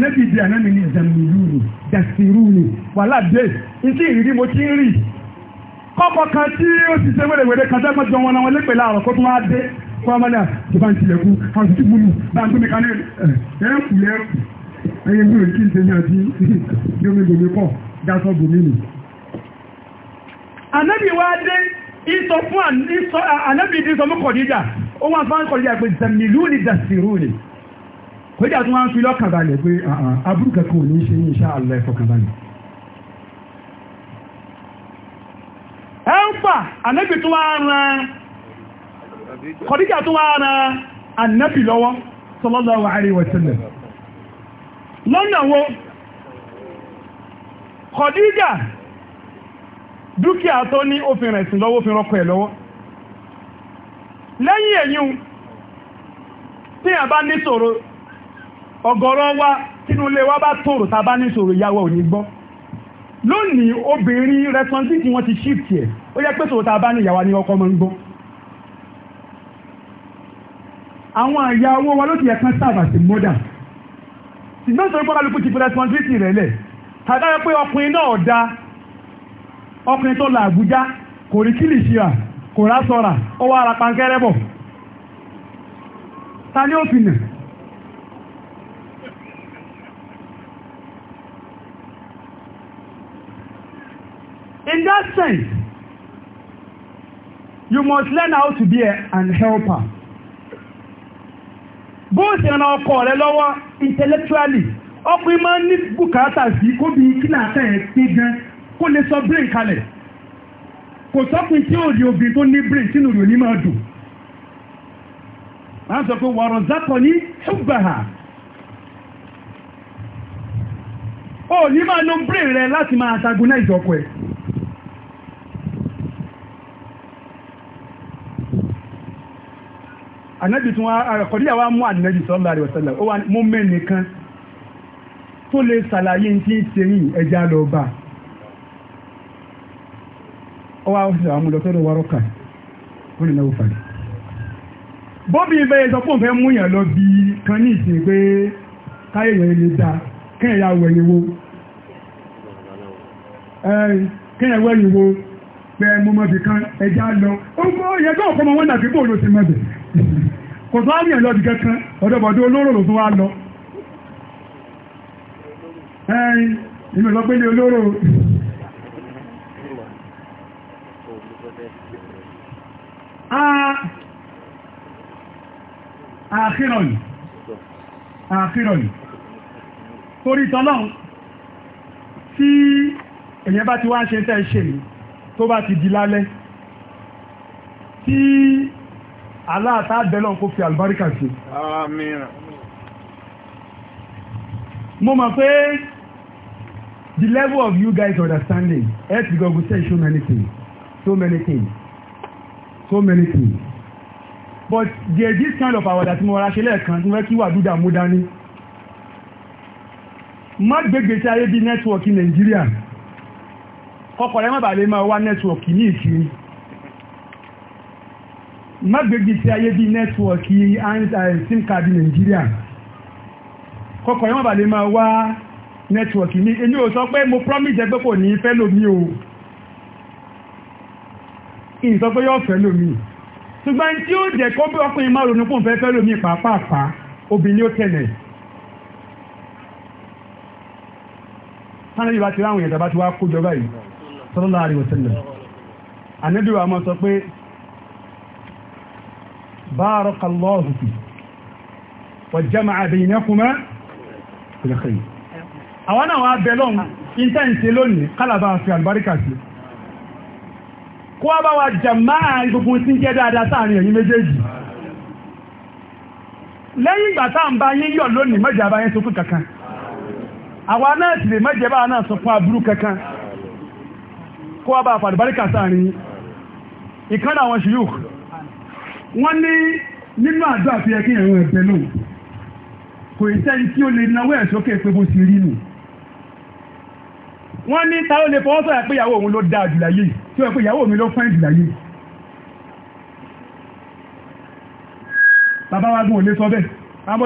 wá ní ìjàmù ìlú kọ́kọ́ kan tí ó ti ṣe wẹ́rẹ́wẹ́rẹ́ kan tẹ́kọ̀ jọ wọn àwọn lẹ́pẹ̀ láàrọ̀ kó tún wá dé fún ọmọ náà tó bá ń tilẹ̀kù àwọn tó ti múlù bá ń gbé kan ẹ̀ẹ́kù lẹ́ẹ̀kù ẹyẹ mi ò kí n ṣe ní ọtí ní omi gbòmí pọ̀ dáṣọ gbòmí nì. ànábì wa dé ìsọ fún ànábì ìdí sọmú kọ̀díjà ó wà fún kọ̀díjà pé zamilu ni dasiru ni kọ̀díjà tó wá ń fi lọ́kàn balẹ̀ pé àbúrò ah, ah, kankan ò ṣe ní insha Allah ẹ̀fọ́ kan balẹ̀ mẹ́fà tó wá rán kọ̀díjà tó wá rán lọ́wọ́ sallallahu alaihi wa sallam lọ́nà wo dúkìá tó ní òfin rẹ̀ sí lọ́wọ́ òfin rọ́kọ̀ ẹ̀ lọ́wọ́ lẹ́yìn èyí tí a bá nísòrò ọ̀gọ̀rọ̀ wá tínú ilé wa bá tòrò ta bá ò ní gbọ́ lónìí obìnrin responsibility wọn ti shift yẹ ó yẹ pé sòwòtà bá ní ìyàwó ní ọkọ ọmọ ń gbọ́ àwọn ìyàwó wa ló ti yẹ kan serve as a ṣùgbọ́n sọ pé kálukú ti fi responsibility rẹ̀ lẹ̀ tàbí pé ọkùnrin náà da ọkùnrin tó la Àbújá kò rí kílìṣì rà kò rá sọ̀rà ó wà ara pankẹ́rẹ́ bọ̀ ta ni ó fi nà In that sense, you must learn how to be an helper. Bó ṣe ran ọkọ rẹ lọ́wọ́ intellectually, ọkùnrin máa ń ní bùkátà sí kó bí kíláàsì ẹ̀ pé gan kó lè sọ brain kalẹ̀. Kò sọ́kùn tí ò di obìnrin tó ní brain sínú rẹ̀ ní máa dùn. Máa sọ pé wọ̀rọ̀ zákọ̀ ní ṣùgbàhà. Ó ní máa lo brain rẹ láti máa antagonize ọkọ ẹ̀. ànábì tí wọ́n kọ̀díyà wá mú ànábì sallallahu alaihi wasallam ó wá mú mẹ́nìkan tó lè ṣàlàyé tí ń ṣe yìí ẹja lọ bá ó wá fi àwọn ọmọdọ́tọ́dọ̀ wárọ́kà ó lè náwó fàdé bọ́bí ibẹ̀ yẹn sọ pé òun fẹ́ mú yàn lọ bí kan ní ìsìn pé káyé yẹn lè da kẹ́yìn ya wẹ̀yìn wo kẹ́yìn wẹ̀yìn wo pé mo kan ẹja lọ ó yẹ kò tó á ní ẹ̀lọ́dì kankan ọ̀dọ̀bọ̀dọ̀ olóró ló tó wá lọ ẹ̀yìn inú ìlọ́pẹ́lẹ̀ olóró ààkírọ̀nì ààkírọ̀nì torí tọ́lọ́un tí èyàn bá ti wá ń ṣe tẹ́ ṣe tó bá ti di lálẹ́ tí aláàtà bẹ́lọ̀ kó fi àlùbáríkà sí. Àmín. mo mọ̀ pé the level of you guys understanding help you go say so many things so many things so many things but there this kind of àwàdà tí mo ra ṣe lẹ́ẹ̀kan tí mo fẹ́ kí wàdúdà mú dání má gbégbé sí ayé bíi nẹ́tíwọ̀kì nàìjíríà kọkọrẹ́ má bàa lè máa wá nẹ́tíwọ̀kì ní ìsinmi má gbégbé sí ayé bíi nẹ́tíwọ̀kì uh, sim card nàìjíríà kọkọ̀ yẹn wọ́n bá lè máa wá nẹ́tíwọ̀kì ní èmi ò sọ pé mo promise ẹ pé kò ní fẹ́ lómi o ìsọ pé yóò fẹ́ lómi ṣùgbọ́n tí ó jẹ́ kó bí ọkùnrin máa ronú fún fẹ́ fẹ́ lómi pàápàá obìnrin ó tẹ̀lẹ̀ tánàbí bá ti ráhùn ìyẹ̀dà bá ti wá kó jọba yìí sallallahu alaihi wasallam ànábì wa máa sọ pé بارك الله فيك وجمع بينكما في الخير àwọn àwọn abẹ́lọ́n intanse lónìí kálàbà fi àlùbáríkà sí kó wá bá wa jàmáà gbogbo tí ń jẹ́ dáadáa sáàrin ẹ̀yin méjèèjì lẹ́yìn ìgbà tá ń bá yín yọ̀ lónìí mẹ́jẹ̀ àbáyé sọ fún kankan àwa náà sì lè mẹ́jẹ̀ bá náà sọ fún aburú kankan kó wá bá àfàlùbáríkà sáàrin ìkánná àwọn ṣùyùkù wọ́n ní nínú àjọ àti ẹ̀kí ẹ̀rọ ẹ̀bẹ̀ náà kò ì sẹ́ni tí ó lè náwó ẹ̀ sókè pé bó ti rí nù wọ́n ní ta ó lè fọwọ́ sọ̀rọ̀ pé ìyàwó òun ló dáa jù láyé tí ó yẹ pé ìyàwó mi ló fẹ́ẹ́ jù láyé bàbá wa gún òun lè sọ bẹ́ẹ̀ bàbá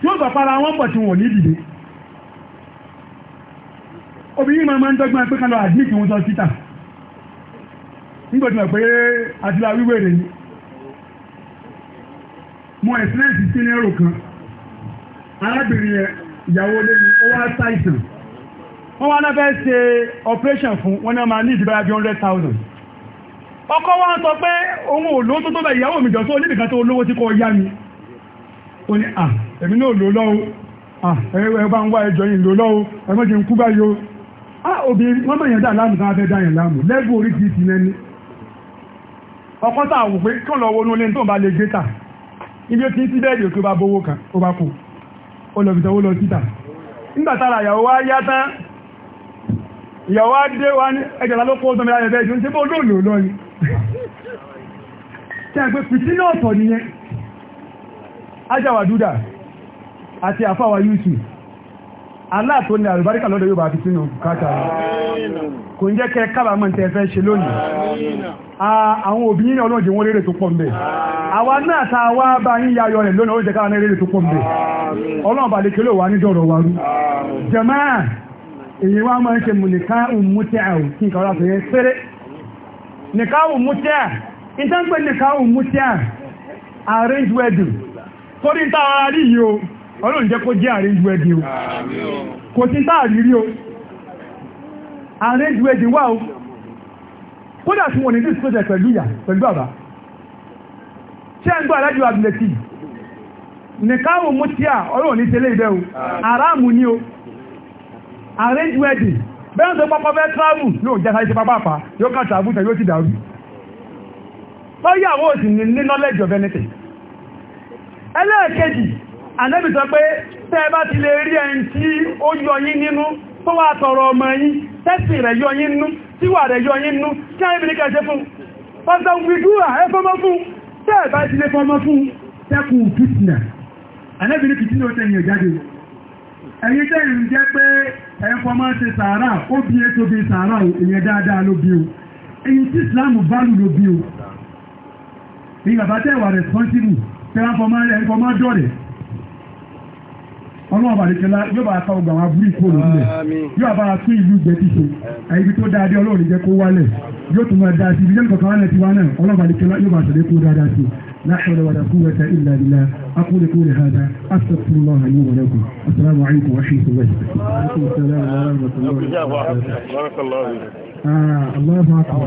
tí ó bàbára wọn pọ̀ tí wọn ò ní ma obìnrin máa máa ń dọ́gbọ́n pé kálọ̀ àdínkì wọn sọ títà nígbàtí wọ́n pé àtìlá wíwèrè ni mo sí ní ẹrù kan arábìnrin ìyàwó ó wá wá náà operation fún wọn náà máa ní ìdíbára bí hundred thousand ọkọ sọ pé òun ò lówó tó tó ìyàwó mi jọ sọ oníbìkan tó olówó ó ní à ah, èmi náà lò lọ́wọ́ à ah, ń wá yìí lò lọ́wọ́ ẹ jẹ́ ń kú báyìí o á ah, obìnrin wọ́n mọ̀ yẹn dá láàmù kan fẹ́ dá yẹn láàmù lẹ́gbẹ̀ẹ́ orí ti ti lẹ́ni ọkọ́ pé kí lọ́wọ́ tó bá lè tà ibi ń bá bówó kan ó bá ó lọ lọ nígbà tára ìyàwó wa yá tán ìyàwó a ajáwà dúdà àti àfáwà yúùtù Allah tó ní àrùbáríkà lọ́dọ̀ yóò bá fi sínú káàkà kò ń jẹ́ kẹ́ kábàámọ̀ tẹ́ fẹ́ ṣe lónìí àwọn òbí yìí ọlọ́run jẹ́ wọ́n lérè tó pọ̀ ń bẹ̀ àwa náà ta wá bá yín yayọ rẹ̀ lónìí ó jẹ́ káwọn lérè tó pọ̀ ń bẹ̀ arrange wedding torí táa rí yìí o ọlọ́run jẹ́ kó jẹ́ àríjú ẹ̀dì o kò sí táa rí rí o àríjú ẹ̀dì wà o kódà tí wọ́n ní dis project pẹ̀lú ìyá pẹ̀lú bàbá ṣé ń gbọ́ alájú abúlẹ̀tì nìkáwò mú tíà ọlọ́run ní tẹ́lẹ̀ ìbẹ́ o aráàmù ni o àríjú ẹ̀dì bẹ́ẹ̀ tó pápá fẹ́ tíráàmù yóò jẹ́ sáyé pápá yóò kàtà ẹlẹ́ẹ̀kejì ànábì sọ pé tẹ́ bá ti lè rí ẹni tí ó yọ yín nínú tó wà tọrọ ọmọ yín tẹ́sì rẹ̀ yọ yín nínú tí wà rẹ̀ yọ yín nínú kí ayébì ní kẹsẹ́ fún pọ́sẹ̀ wìdúrà ẹfọ́mọ́ fún tẹ́ bá ti lè bí o èyí tí Islam bá lù tẹ́lá fọmọ́ rẹ̀ fọmọ́ dọ́rẹ̀ ọlọ́wọ́ bàdìkẹ́lá yóò bá ta ọgbà wọn abúrú ìkó òun yóò bá tún ìlú gbẹ̀bí ṣe àyíkí tó dáadé ọlọ́run jẹ́ kó wálẹ̀ yóò tún máa dáa sí ibi jẹ́nìkan kan lẹ́tí wá náà ọlọ́wọ́ bàdìkẹ́lá yóò bá tẹ̀lé kó dáadáa sí láṣọ̀rọ̀ wàdà kú wẹ̀ta ìlà ìlà hada asàtúnlọ́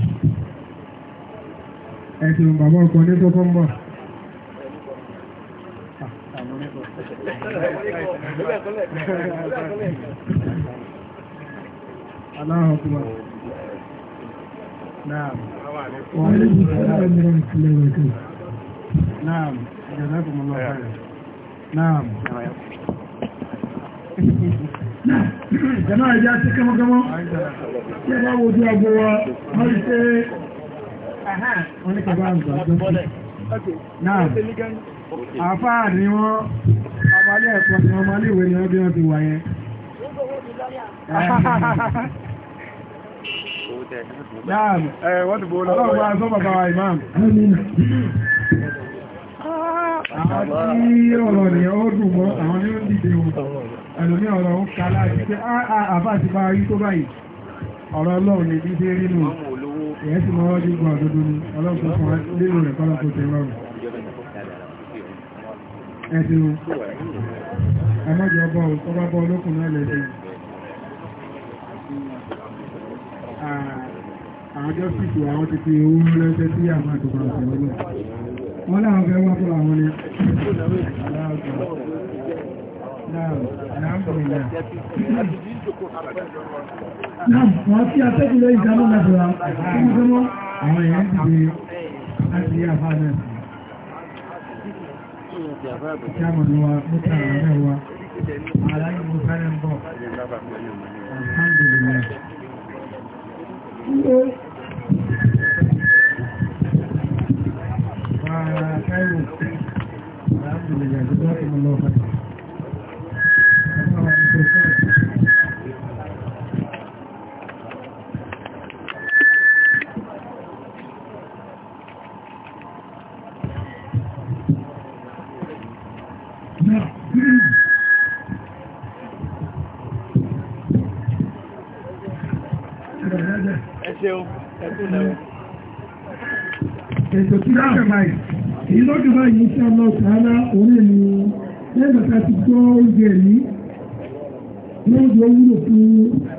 ẹ̀sùn bàbá ọkọ ní kókó ń bọ̀. Aláhùn tó wà. Naam. Wà á lè fi ṣẹlẹ̀ mìíràn sílẹ̀ rẹ̀ kí. Naam. Ìjọba kò mọ̀ lọ́wọ́ rẹ̀. Naam. Jẹ́nà ìjà sí kẹ́mọ́kẹ́mọ́. Ṣé bá wo ojú àgbo wa? Wọ́n ti ṣe wọ́n ní kẹfà àgbà tó náà àfáà ni wọ́n ọmọlé ẹ̀kọ́ ni ọmọlé ìwé ni wọ́n bí wọ́n ti wà yẹn Dáàmù, ẹ̀ eh, wọ́n ti bó lọ́wọ́. Ọlọ́run máa sọ bàbá wa ìmáàmù. Àwọn tí ọ̀rọ̀ ni ó dùn mọ́ àwọn ni ó ń dìde wọn. Ẹlòmí ọ̀rọ̀ ń kà láti pé ah, ah, àbá ti bá rí tó báyìí. Ọ̀rọ̀ Ọlọ́run ni dídé rínú. ìyẹn sì máa wájú gba òdodo ni ọlọ́pàá nínú rẹ̀ kọ́lọ́pọ̀ tẹ̀ rọrùn ẹ̀sìn ẹmọ́jọ ọba ọba bọ́ olókùn náà lẹ́sìn àwọn jọ́sìtì àwọn ti fi owó lẹ́sẹ̀ àwọn Àwọn tí a tẹ́kù lé ìdáná lẹ́fẹ̀ẹ́ àwọn èèyàn ti gbé láti yá fà náà. Ìjá mọ̀ ní wa, mú tààrà náà wa, aláyé mú fẹ́rẹ̀ ń bọ̀. Alhamdulillah. Ilé Bàrà Káìwò, Alhamdulillah, ìjọba ìmọ̀lọ́fà. Àwọn àwọn ìjọba ṣeun ẹkùn lẹ́wọ̀n. ètò tí ó kẹ̀ báyìí èyí lọ́jọ́ báyìí ṣe ọmọ ìsàlá orí ẹni lẹ́gbẹ̀ta ti gbọ́ oúnjẹ ní lóúnjẹ wúlò fún